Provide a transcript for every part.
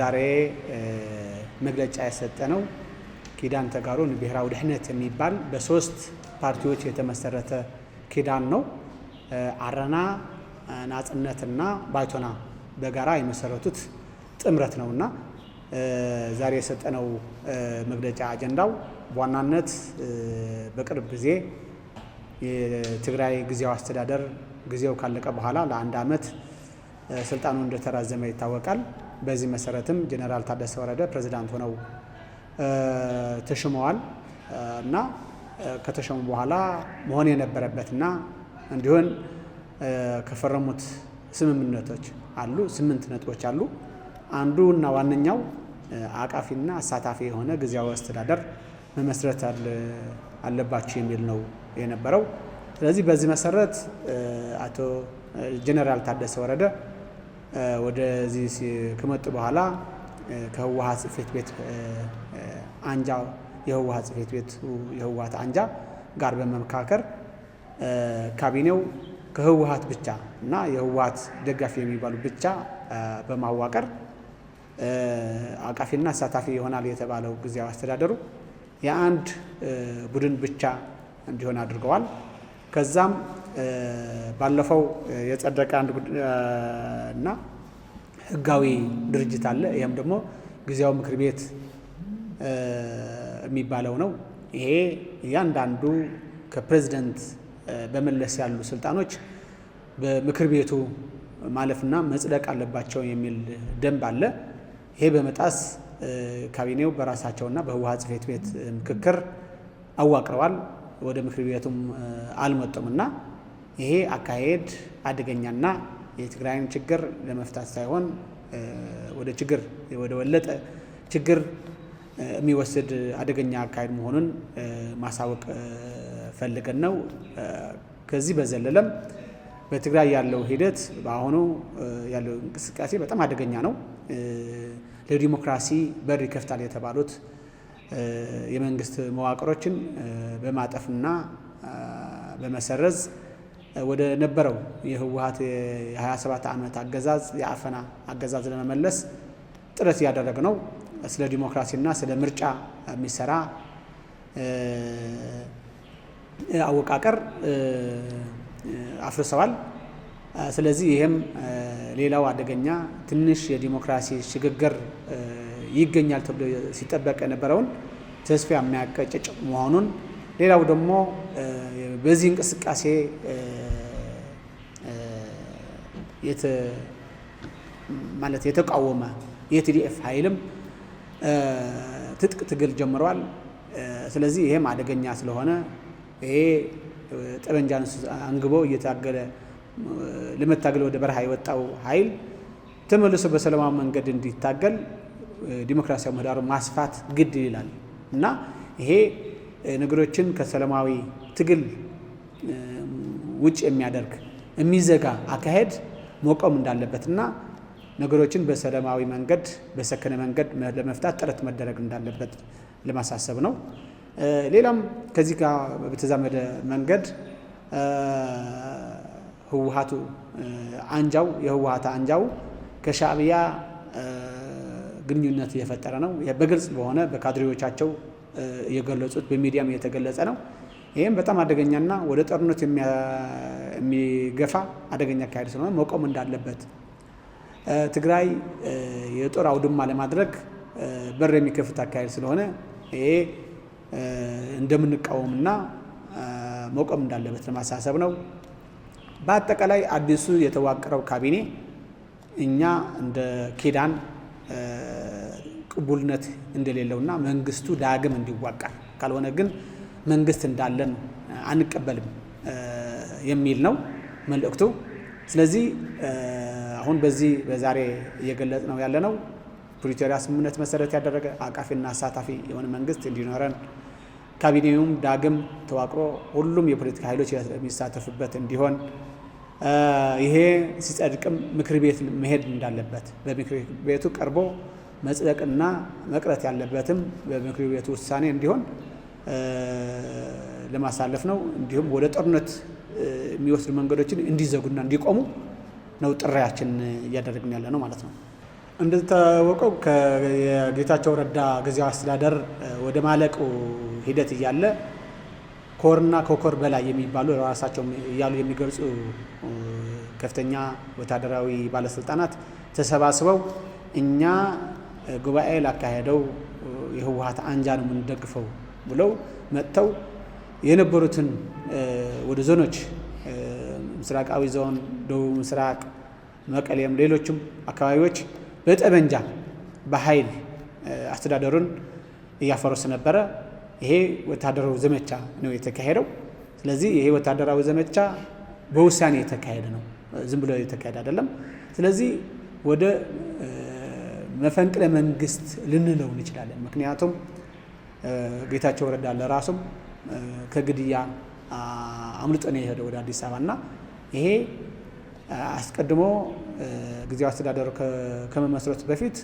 ዛሬ መግለጫ ነው። ኪዳን ተጋሩን ብሔራዊ ድህነት የሚባል በሶስት ፓርቲዎች የተመሰረተ ኪዳን ነው። አረና፣ ናጽነትና ባይቶና በጋራ የመሰረቱት ጥምረት ነውና ዛሬ የሰጠነው መግለጫ አጀንዳው በዋናነት በቅርብ ጊዜ የትግራይ ጊዜያዊ አስተዳደር ጊዜው ካለቀ በኋላ ለአንድ ዓመት ስልጣኑ እንደተራዘመ ይታወቃል። በዚህ መሰረትም ጀኔራል ታደሰ ወረደ ፕሬዚዳንት ሆነው ተሽመዋል እና ከተሸሙ በኋላ መሆን የነበረበትና እንዲሆን ከፈረሙት ስምምነቶች አሉ። ስምንት ነጥቦች አሉ። እና ዋነኛው አቃፊና አሳታፊ የሆነ ጊዜያዊ አስተዳደር መመስረት አለባቸው የሚል ነው የነበረው። ስለዚህ በዚህ መሰረት አቶ ጀኔራል ታደሰ ወረደ ወደዚህ ከመጡ በኋላ ከህወሀት ጽሕፈት ቤት አንጃ የህወሀት ጽሕፈት ቤቱ የህወሀት አንጃ ጋር በመመካከር ካቢኔው ከህወሀት ብቻ እና የህወሀት ደጋፊ የሚባሉ ብቻ በማዋቀር አቃፊና አሳታፊ ይሆናል የተባለው ጊዜያዊ አስተዳደሩ የአንድ ቡድን ብቻ እንዲሆን አድርገዋል። ከዛም ባለፈው የጸደቀ አንድ እና ህጋዊ ድርጅት አለ። ይህም ደግሞ ጊዜያዊ ምክር ቤት የሚባለው ነው። ይሄ እያንዳንዱ ከፕሬዚደንት በመለስ ያሉ ስልጣኖች በምክር ቤቱ ማለፍና መጽደቅ አለባቸው የሚል ደንብ አለ። ይሄ በመጣስ ካቢኔው በራሳቸውና በህወሓት ጽፌት ቤት ምክክር አዋቅረዋል። ወደ ምክር ቤቱም አልመጡም እና ይሄ አካሄድ አደገኛና የትግራይን ችግር ለመፍታት ሳይሆን ወደ ችግር ወደ ወለጠ ችግር የሚወስድ አደገኛ አካሄድ መሆኑን ማሳወቅ ፈልገን ነው። ከዚህ በዘለለም በትግራይ ያለው ሂደት በአሁኑ ያለው እንቅስቃሴ በጣም አደገኛ ነው። ለዲሞክራሲ በር ይከፍታል የተባሉት የመንግስት መዋቅሮችን በማጠፍና በመሰረዝ ወደ ነበረው የህወሀት የ27 ዓመት አገዛዝ የአፈና አገዛዝ ለመመለስ ጥረት እያደረግ ነው። ስለ ዲሞክራሲና ስለ ምርጫ የሚሰራ አወቃቀር አፍርሰዋል። ስለዚህ ይህም ሌላው አደገኛ ትንሽ የዲሞክራሲ ሽግግር ይገኛል ተብሎ ሲጠበቅ የነበረውን ተስፋ የሚያቀጭጭ መሆኑን ሌላው ደግሞ በዚህ እንቅስቃሴ ማለት የተቃወመ የቲዲኤፍ ኃይልም ትጥቅ ትግል ጀምረዋል። ስለዚህ ይሄም አደገኛ ስለሆነ ይሄ ጠመንጃ አንግቦ እየታገለ ለመታገል ወደ በረሃ የወጣው ኃይል ተመልሶ በሰላማዊ መንገድ እንዲታገል ዲሞክራሲያዊ ምህዳሩ ማስፋት ግድ ይላል እና ይሄ ነገሮችን ከሰላማዊ ትግል ውጭ የሚያደርግ የሚዘጋ አካሄድ መቆም እንዳለበትና ነገሮችን በሰላማዊ መንገድ በሰከነ መንገድ ለመፍታት ጥረት መደረግ እንዳለበት ለማሳሰብ ነው። ሌላም ከዚህ ጋር በተዛመደ መንገድ ህወሀቱ አንጃው የህወሀት አንጃው ከሻእቢያ ግንኙነት እየፈጠረ ነው። በግልጽ በሆነ በካድሬዎቻቸው የገለጹት በሚዲያም እየተገለጸ ነው። ይህም በጣም አደገኛና ወደ ጦርነት የሚገፋ አደገኛ አካሄድ ስለሆነ መቆም እንዳለበት ትግራይ የጦር አውድማ ለማድረግ በር የሚከፍት አካሄድ ስለሆነ ይሄ እንደምንቃወምና መቆም እንዳለበት ለማሳሰብ ነው። በአጠቃላይ አዲሱ የተዋቀረው ካቢኔ እኛ እንደ ኪዳን ቅቡልነት እንደሌለውና መንግስቱ ዳግም እንዲዋቀር ካልሆነ ግን መንግስት እንዳለን አንቀበልም የሚል ነው መልእክቱ። ስለዚህ አሁን በዚህ በዛሬ እየገለጽ ነው ነው ፕሪቶሪያ ስምምነት መሰረት ያደረገ አቃፊና አሳታፊ የሆነ መንግስት እንዲኖረን ካቢኔውም ዳግም ተዋቅሮ ሁሉም የፖለቲካ ኃይሎች የሚሳተፉበት እንዲሆን ይሄ ሲጸድቅም ምክር ቤት መሄድ እንዳለበት በምክር ቤቱ ቀርቦ መጽደቅና መቅረት ያለበትም በምክር ቤቱ ውሳኔ እንዲሆን ለማሳለፍ ነው። እንዲሁም ወደ ጦርነት የሚወስዱ መንገዶችን እንዲዘጉና እንዲቆሙ ነው ጥሪያችን እያደረግን ያለ ነው ማለት ነው። እንደታወቀው የጌታቸው ረዳ ጊዜያዊ አስተዳደር ወደ ማለቁ ሂደት እያለ ኮርና ከኮር በላይ የሚባሉ ራሳቸው እያሉ የሚገልጹ ከፍተኛ ወታደራዊ ባለስልጣናት ተሰባስበው እኛ ጉባኤ ላካሄደው የህወሀት አንጃ ነው የምንደግፈው ብለው መጥተው የነበሩትን ወደ ዞኖች ምስራቃዊ ዞን፣ ደቡብ ምስራቅ፣ መቀሌም ሌሎችም አካባቢዎች በጠመንጃ በኃይል አስተዳደሩን እያፈረሱ ነበረ። ይሄ ወታደራዊ ዘመቻ ነው የተካሄደው። ስለዚህ ይሄ ወታደራዊ ዘመቻ በውሳኔ የተካሄደ ነው፣ ዝም ብሎ የተካሄደ አይደለም። ስለዚህ ወደ መፈንቅለ መንግስት ልንለው እንችላለን። ምክንያቱም ጌታቸው ረዳ ለራሱም ከግድያ አምልጦ የሄደ የሄደው ወደ አዲስ አበባ እና ይሄ አስቀድሞ ጊዜው አስተዳደሩ ከመመስረቱ በፊት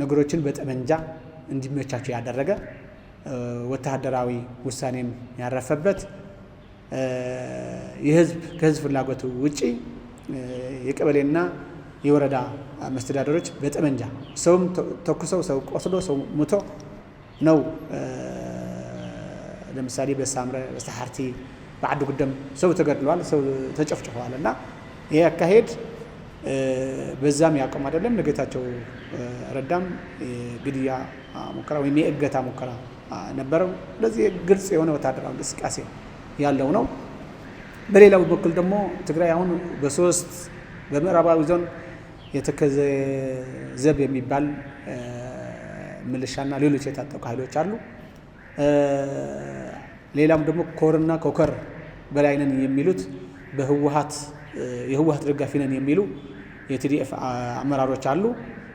ነገሮችን በጠመንጃ እንዲመቻቸው ያደረገ ወታደራዊ ውሳኔም ያረፈበት የህዝብ ከህዝብ ፍላጎት ውጪ የቀበሌና የወረዳ መስተዳደሮች በጠመንጃ ሰውም ተኩሰው ሰው ቆስሎ ሰው ሙቶ ነው። ለምሳሌ በሳምረ በሳሓርቲ በዓዲ ጉደም ሰው ተገድለዋል፣ ሰው ተጨፍጭፈዋል። እና ይሄ አካሄድ በዛም ያቆም አይደለም። ለጌታቸው ረዳም የግድያ ሙከራ ወይም የእገታ ሙከራ ነበረው። ለዚህ ግልጽ የሆነ ወታደራዊ እንቅስቃሴ ያለው ነው። በሌላው በኩል ደግሞ ትግራይ አሁን በሶስት በምዕራባዊ ዞን የተከዘ ዘብ የሚባል ምልሻና ሌሎች የታጠቁ ኃይሎች አሉ። ሌላም ደግሞ ኮርና ኮከር በላይነን የሚሉት በህወሀት የህወሀት ደጋፊ ነን የሚሉ የቲዲኤፍ አመራሮች አሉ።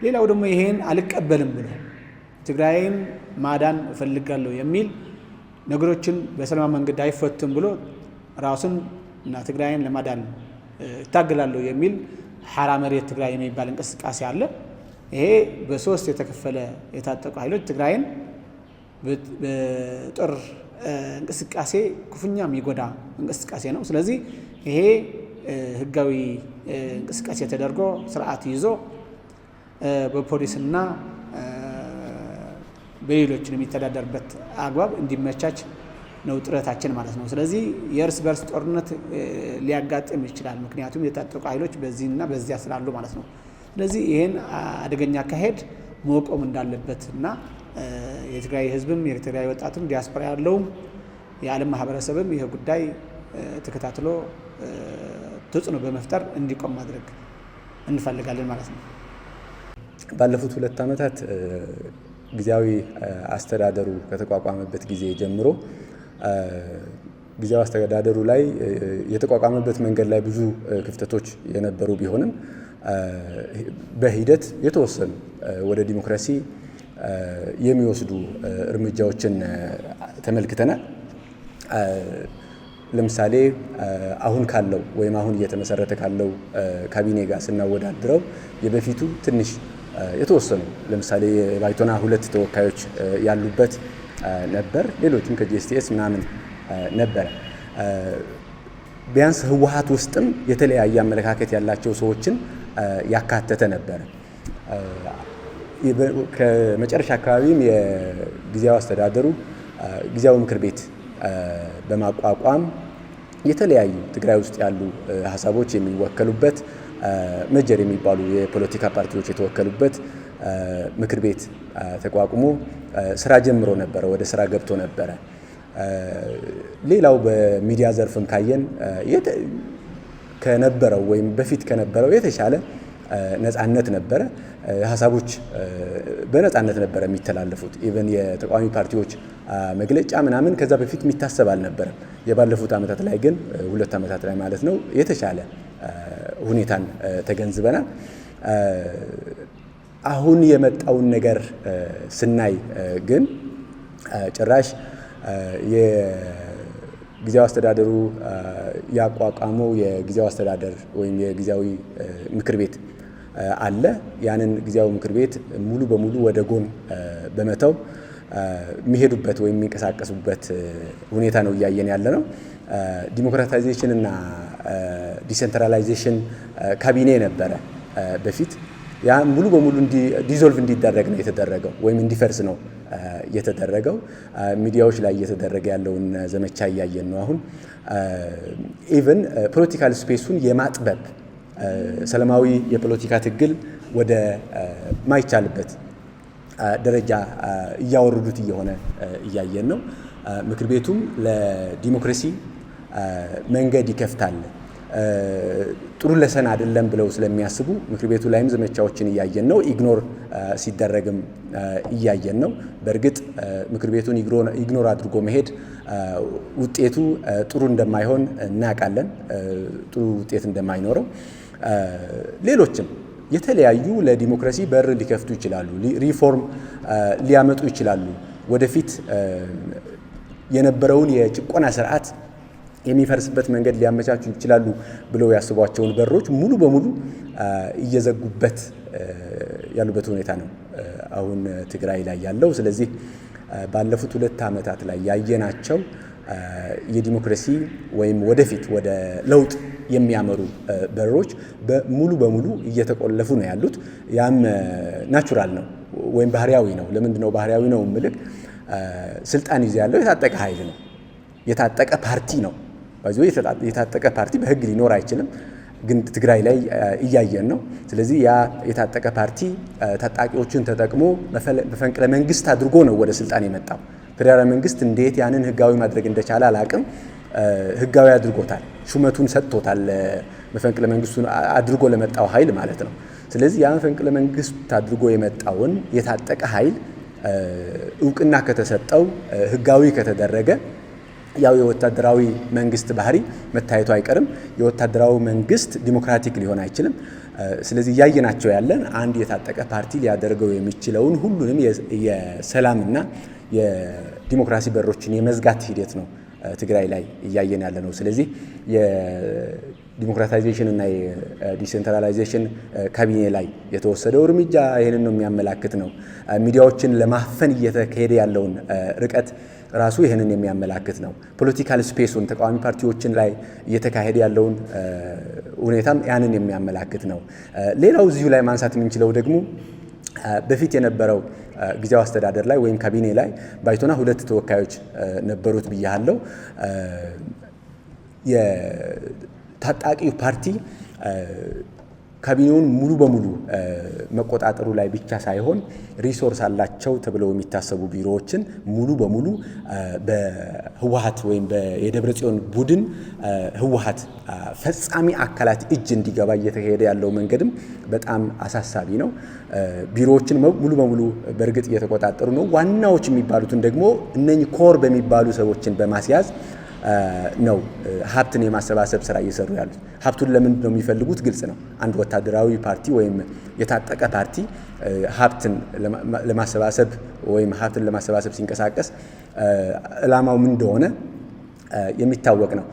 ሌላው ደግሞ ይሄን አልቀበልም ብሎ ትግራይን ማዳን እፈልጋለሁ የሚል ነገሮችን በሰላማ መንገድ አይፈቱም ብሎ ራሱን እና ትግራይን ለማዳን እታገላለሁ የሚል ሐራ መሬት ትግራይ የሚባል እንቅስቃሴ አለ። ይሄ በሶስት የተከፈለ የታጠቁ ኃይሎች ትግራይን በጦር እንቅስቃሴ ክፉኛ የሚጎዳ እንቅስቃሴ ነው። ስለዚህ ይሄ ህጋዊ እንቅስቃሴ ተደርጎ ስርዓት ይዞ በፖሊስና በሌሎችን የሚተዳደርበት አግባብ እንዲመቻች ነው ጥረታችን ማለት ነው። ስለዚህ የእርስ በርስ ጦርነት ሊያጋጥም ይችላል። ምክንያቱም የታጠቁ ኃይሎች በዚህና በዚያ ስላሉ ማለት ነው። ስለዚህ ይህን አደገኛ አካሄድ መቆም እንዳለበት እና የትግራይ ህዝብም የትግራይ ወጣትም ዲያስፖራ ያለውም የዓለም ማህበረሰብም ይህ ጉዳይ ተከታትሎ ተጽዕኖ በመፍጠር እንዲቆም ማድረግ እንፈልጋለን ማለት ነው። ባለፉት ሁለት ዓመታት ጊዜያዊ አስተዳደሩ ከተቋቋመበት ጊዜ ጀምሮ ጊዜያዊ አስተዳደሩ ላይ የተቋቋመበት መንገድ ላይ ብዙ ክፍተቶች የነበሩ ቢሆንም በሂደት የተወሰኑ ወደ ዲሞክራሲ የሚወስዱ እርምጃዎችን ተመልክተናል። ለምሳሌ አሁን ካለው ወይም አሁን እየተመሰረተ ካለው ካቢኔ ጋር ስናወዳድረው የበፊቱ ትንሽ የተወሰኑ ለምሳሌ የባይቶና ሁለት ተወካዮች ያሉበት ነበር፣ ሌሎችም ከጂኤስቲኤስ ምናምን ነበረ። ቢያንስ ህወሀት ውስጥም የተለያየ አመለካከት ያላቸው ሰዎችን ያካተተ ነበረ። ከመጨረሻ አካባቢም የጊዜያዊ አስተዳደሩ ጊዜያዊ ምክር ቤት በማቋቋም የተለያዩ ትግራይ ውስጥ ያሉ ሀሳቦች የሚወከሉበት መጀር የሚባሉ የፖለቲካ ፓርቲዎች የተወከሉበት ምክር ቤት ተቋቁሞ ስራ ጀምሮ ነበረ፣ ወደ ስራ ገብቶ ነበረ። ሌላው በሚዲያ ዘርፍም ካየን ከነበረው ወይም በፊት ከነበረው የተሻለ ነጻነት ነበረ። ሀሳቦች በነጻነት ነበረ የሚተላለፉት። ኢቨን የተቃዋሚ ፓርቲዎች መግለጫ ምናምን ከዛ በፊት የሚታሰብ አልነበረም። የባለፉት ዓመታት ላይ ግን ሁለት ዓመታት ላይ ማለት ነው የተሻለ ሁኔታን ተገንዝበናል። አሁን የመጣውን ነገር ስናይ ግን ጭራሽ የጊዜያዊ አስተዳደሩ ያቋቋመው የጊዜያዊ አስተዳደር ወይም የጊዜያዊ ምክር ቤት አለ። ያንን ጊዜያዊ ምክር ቤት ሙሉ በሙሉ ወደ ጎን በመተው የሚሄዱበት ወይም የሚንቀሳቀሱበት ሁኔታ ነው እያየን ያለ ነው። ዲሞክራታይዜሽን እና ዲሴንትራላይዜሽን ካቢኔ ነበረ በፊት ያ ሙሉ በሙሉ ዲዞልቭ እንዲደረግ ነው የተደረገው ወይም እንዲፈርስ ነው የተደረገው። ሚዲያዎች ላይ እየተደረገ ያለውን ዘመቻ እያየን ነው። አሁን ኢቨን ፖለቲካል ስፔሱን የማጥበብ ሰላማዊ የፖለቲካ ትግል ወደ ማይቻልበት ደረጃ እያወረዱት እየሆነ እያየን ነው። ምክር ቤቱም ለዲሞክራሲ መንገድ ይከፍታል ጥሩ ለሰን አይደለም ብለው ስለሚያስቡ ምክር ቤቱ ላይም ዘመቻዎችን እያየን ነው። ኢግኖር ሲደረግም እያየን ነው። በእርግጥ ምክር ቤቱን ኢግኖር አድርጎ መሄድ ውጤቱ ጥሩ እንደማይሆን እናውቃለን። ጥሩ ውጤት እንደማይኖረው ሌሎችም የተለያዩ ለዲሞክራሲ በር ሊከፍቱ ይችላሉ፣ ሪፎርም ሊያመጡ ይችላሉ። ወደፊት የነበረውን የጭቆና ስርዓት የሚፈርስበት መንገድ ሊያመቻቹ ይችላሉ ብለው ያስቧቸውን በሮች ሙሉ በሙሉ እየዘጉበት ያሉበት ሁኔታ ነው አሁን ትግራይ ላይ ያለው። ስለዚህ ባለፉት ሁለት ዓመታት ላይ ያየናቸው የዲሞክራሲ ወይም ወደፊት ወደ ለውጥ የሚያመሩ በሮች ሙሉ በሙሉ እየተቆለፉ ነው ያሉት። ያም ናቹራል ነው ወይም ባህሪያዊ ነው። ለምንድን ነው ባህሪያዊ ነው ምልክ ስልጣን ይዞ ያለው የታጠቀ ኃይል ነው የታጠቀ ፓርቲ ነው። ባይዞ የታጠቀ ፓርቲ በህግ ሊኖር አይችልም። ግን ትግራይ ላይ እያየን ነው። ስለዚህ ያ የታጠቀ ፓርቲ ታጣቂዎችን ተጠቅሞ መፈንቅለ መንግስት አድርጎ ነው ወደ ስልጣን የመጣው። ፌዴራል መንግስት እንዴት ያንን ህጋዊ ማድረግ እንደቻለ አላቅም። ህጋዊ አድርጎታል፣ ሹመቱን ሰጥቶታል፣ መፈንቅለ መንግስቱን አድርጎ ለመጣው ኃይል ማለት ነው። ስለዚህ ያ መፈንቅለ መንግስት አድርጎ የመጣውን የታጠቀ ኃይል እውቅና ከተሰጠው ህጋዊ ከተደረገ ያው የወታደራዊ መንግስት ባህሪ መታየቱ አይቀርም። የወታደራዊ መንግስት ዲሞክራቲክ ሊሆን አይችልም። ስለዚህ እያየናቸው ያለን አንድ የታጠቀ ፓርቲ ሊያደርገው የሚችለውን ሁሉንም የሰላምና የዲሞክራሲ በሮችን የመዝጋት ሂደት ነው ትግራይ ላይ እያየን ያለ ነው። ስለዚህ የዲሞክራታይዜሽን እና የዲሴንትራላይዜሽን ካቢኔ ላይ የተወሰደው እርምጃ ይህንን ነው የሚያመላክት ነው። ሚዲያዎችን ለማፈን እየተካሄደ ያለውን ርቀት ራሱ ይህንን የሚያመላክት ነው። ፖለቲካል ስፔሱን ተቃዋሚ ፓርቲዎችን ላይ እየተካሄደ ያለውን ሁኔታም ያንን የሚያመላክት ነው። ሌላው እዚሁ ላይ ማንሳት የምንችለው ደግሞ በፊት የነበረው ጊዜያዊ አስተዳደር ላይ ወይም ካቢኔ ላይ ባይቶና ሁለት ተወካዮች ነበሩት ብያለው። የታጣቂው ፓርቲ ካቢኔውን ሙሉ በሙሉ መቆጣጠሩ ላይ ብቻ ሳይሆን ሪሶርስ አላቸው ተብለው የሚታሰቡ ቢሮዎችን ሙሉ በሙሉ በህወሀት ወይም የደብረ ጽዮን ቡድን ህወሀት ፈጻሚ አካላት እጅ እንዲገባ እየተካሄደ ያለው መንገድም በጣም አሳሳቢ ነው። ቢሮዎችን ሙሉ በሙሉ በእርግጥ እየተቆጣጠሩ ነው። ዋናዎች የሚባሉትን ደግሞ እነኚህ ኮር በሚባሉ ሰዎችን በማስያዝ ነው ሀብትን የማሰባሰብ ስራ እየሰሩ ያሉት። ሀብቱን ለምንድን ነው የሚፈልጉት? ግልጽ ነው። አንድ ወታደራዊ ፓርቲ ወይም የታጠቀ ፓርቲ ሀብትን ለማሰባሰብ ወይም ሀብትን ለማሰባሰብ ሲንቀሳቀስ ዕላማው ምን እንደሆነ የሚታወቅ ነው።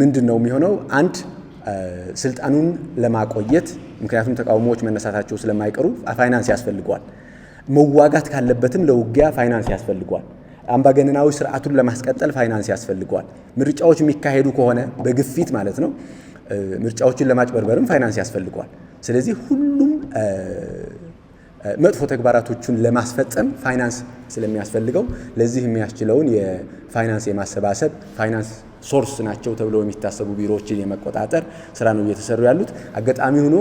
ምንድን ነው የሚሆነው? አንድ ስልጣኑን ለማቆየት ምክንያቱም ተቃውሞዎች መነሳታቸው ስለማይቀሩ ፋይናንስ ያስፈልገዋል። መዋጋት ካለበትም ለውጊያ ፋይናንስ ያስፈልገዋል። አምባገነናዊ ስርዓቱን ለማስቀጠል ፋይናንስ ያስፈልገዋል። ምርጫዎች የሚካሄዱ ከሆነ በግፊት ማለት ነው፣ ምርጫዎችን ለማጭበርበርም ፋይናንስ ያስፈልገዋል። ስለዚህ ሁሉም መጥፎ ተግባራቶቹን ለማስፈጸም ፋይናንስ ስለሚያስፈልገው ለዚህ የሚያስችለውን የፋይናንስ የማሰባሰብ ፋይናንስ ሶርስ ናቸው ተብለው የሚታሰቡ ቢሮዎችን የመቆጣጠር ስራ ነው እየተሰሩ ያሉት። አጋጣሚ ሆኖ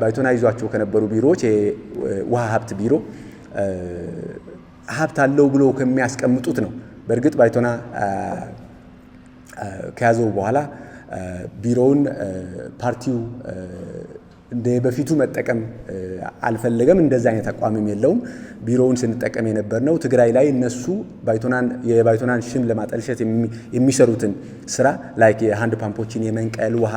ባይቶና ይዟቸው ከነበሩ ቢሮዎች የውሃ ሀብት ቢሮ ሀብት አለው ብሎ ከሚያስቀምጡት ነው። በእርግጥ ባይቶና ከያዘው በኋላ ቢሮውን ፓርቲው እንደ በፊቱ መጠቀም አልፈለገም። እንደዚህ አይነት አቋምም የለውም። ቢሮውን ስንጠቀም የነበር ነው። ትግራይ ላይ እነሱ የባይቶናን ሽም ለማጠልሸት የሚሰሩትን ስራ ላይክ የሃንድ ፓምፖችን የመንቀል ውሃ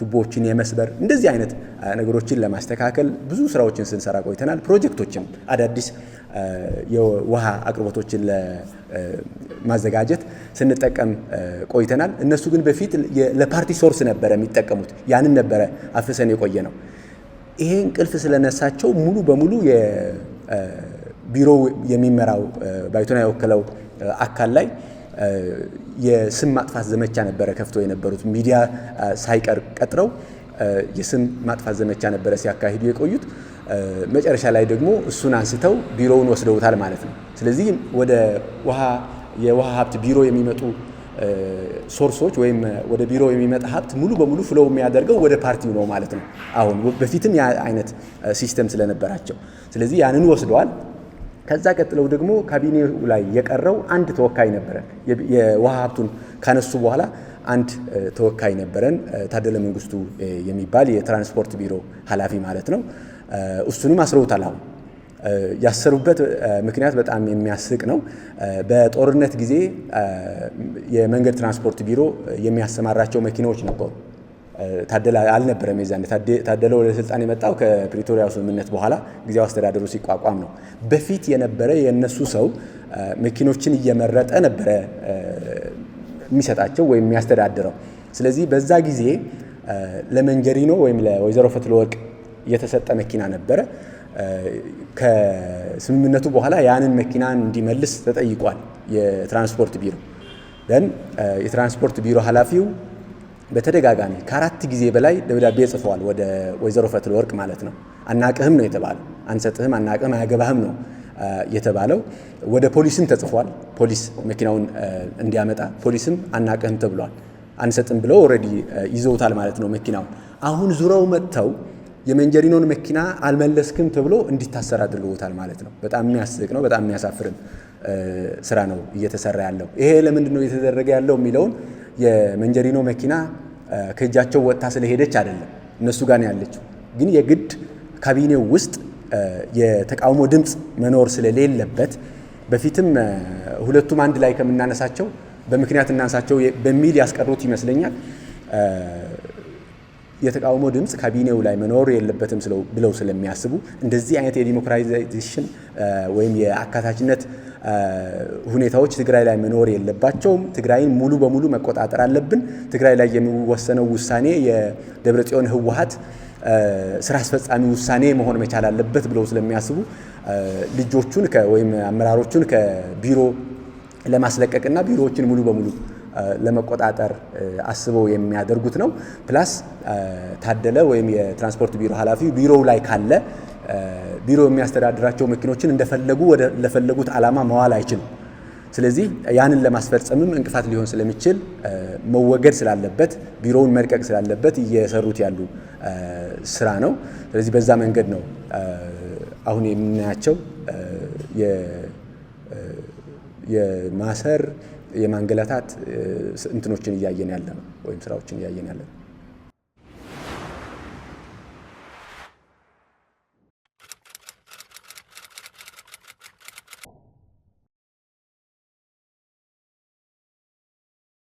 ቱቦችን፣ የመስበር እንደዚህ አይነት ነገሮችን ለማስተካከል ብዙ ስራዎችን ስንሰራ ቆይተናል። ፕሮጀክቶችም አዳዲስ የውሃ አቅርቦቶችን ለማዘጋጀት ስንጠቀም ቆይተናል። እነሱ ግን በፊት ለፓርቲ ሶርስ ነበረ የሚጠቀሙት። ያንን ነበረ አፍሰን የቆየ ነው። ይሄ እንቅልፍ ስለነሳቸው ሙሉ በሙሉ ቢሮው የሚመራው ባይቶና የወከለው አካል ላይ የስም ማጥፋት ዘመቻ ነበረ ከፍቶ የነበሩት ሚዲያ ሳይቀር ቀጥረው የስም ማጥፋት ዘመቻ ነበረ ሲያካሂዱ የቆዩት። መጨረሻ ላይ ደግሞ እሱን አንስተው ቢሮውን ወስደውታል ማለት ነው። ስለዚህ ወደ የውሃ ሀብት ቢሮ የሚመጡ ሶርሶች ወይም ወደ ቢሮ የሚመጣ ሀብት ሙሉ በሙሉ ፍሎው የሚያደርገው ወደ ፓርቲው ነው ማለት ነው። አሁን በፊትም ያ አይነት ሲስተም ስለነበራቸው ስለዚህ ያንን ወስደዋል። ከዛ ቀጥለው ደግሞ ካቢኔው ላይ የቀረው አንድ ተወካይ ነበረ። የውሃ ሀብቱን ካነሱ በኋላ አንድ ተወካይ ነበረን፣ ታደለ መንግስቱ የሚባል የትራንስፖርት ቢሮ ኃላፊ ማለት ነው። እሱንም አስረውታል አሁን ያሰሩበት ምክንያት በጣም የሚያስቅ ነው። በጦርነት ጊዜ የመንገድ ትራንስፖርት ቢሮ የሚያሰማራቸው መኪናዎች ነበሩ። ታደለ አልነበረም። የዛኔ ታደለ ወደ ስልጣን የመጣው ከፕሪቶሪያ ስምምነት በኋላ ጊዜያዊ አስተዳደሩ ሲቋቋም ነው። በፊት የነበረ የእነሱ ሰው መኪኖችን እየመረጠ ነበረ የሚሰጣቸው ወይም የሚያስተዳድረው። ስለዚህ በዛ ጊዜ ለመንጀሪኖ ወይም ለወይዘሮ ፈትለወርቅ የተሰጠ መኪና ነበረ። ከስምምነቱ በኋላ ያንን መኪናን እንዲመልስ ተጠይቋል የትራንስፖርት ቢሮ ደን uh, የትራንስፖርት ቢሮ ኃላፊው በተደጋጋሚ ከአራት ጊዜ በላይ ደብዳቤ ጽፈዋል ወደ ወይዘሮ ወርቅ ማለት ነው። አናቅህም ነው የተባለው። አንሰጥህም፣ አናቅህም፣ አያገባህም ነው uh, የተባለው። ወደ ፖሊስም ተጽፏል። ፖሊስ መኪናውን uh, እንዲያመጣ ፖሊስም አናቅህም ተብሏል። አንሰጥም ብለው ኦልሬዲ ይዘውታል ማለት ነው መኪናውን። አሁን ዙረው መጥተው የመንጀሪኖን መኪና አልመለስክም ተብሎ እንዲታሰር አድርገውታል ማለት ነው። በጣም የሚያስቅ ነው። በጣም የሚያሳፍርም ስራ ነው እየተሰራ ያለው። ይሄ ለምንድን ነው እየተደረገ ያለው የሚለውን የመንጀሪኖ መኪና ከእጃቸው ወጥታ ስለሄደች አይደለም እነሱ ጋር ነው ያለችው። ግን የግድ ካቢኔው ውስጥ የተቃውሞ ድምፅ መኖር ስለሌለበት በፊትም ሁለቱም አንድ ላይ ከምናነሳቸው በምክንያት እናነሳቸው በሚል ያስቀሩት ይመስለኛል። የተቃውሞ ድምፅ ካቢኔው ላይ መኖር የለበትም ብለው ስለሚያስቡ እንደዚህ አይነት የዲሞክራይዜሽን ወይም የአካታችነት ሁኔታዎች ትግራይ ላይ መኖር የለባቸውም። ትግራይን ሙሉ በሙሉ መቆጣጠር አለብን። ትግራይ ላይ የሚወሰነው ውሳኔ የደብረጽዮን ህወሀት ስራ አስፈጻሚ ውሳኔ መሆን መቻል አለበት ብለው ስለሚያስቡ ልጆቹን ወይም አመራሮቹን ከቢሮ ለማስለቀቅና ቢሮዎችን ሙሉ በሙሉ ለመቆጣጠር አስበው የሚያደርጉት ነው። ፕላስ ታደለ ወይም የትራንስፖርት ቢሮ ኃላፊ ቢሮው ላይ ካለ ቢሮ የሚያስተዳድራቸው መኪኖችን እንደፈለጉ ለፈለጉት ዓላማ መዋል አይችልም። ስለዚህ ያንን ለማስፈጸምም እንቅፋት ሊሆን ስለሚችል መወገድ ስላለበት ቢሮውን መልቀቅ ስላለበት እየሰሩት ያሉ ስራ ነው። ስለዚህ በዛ መንገድ ነው አሁን የምናያቸው የማሰር የማንገላታት እንትኖችን እያየን ያለ ነው ወይም ስራዎችን እያየን ያለ ነው።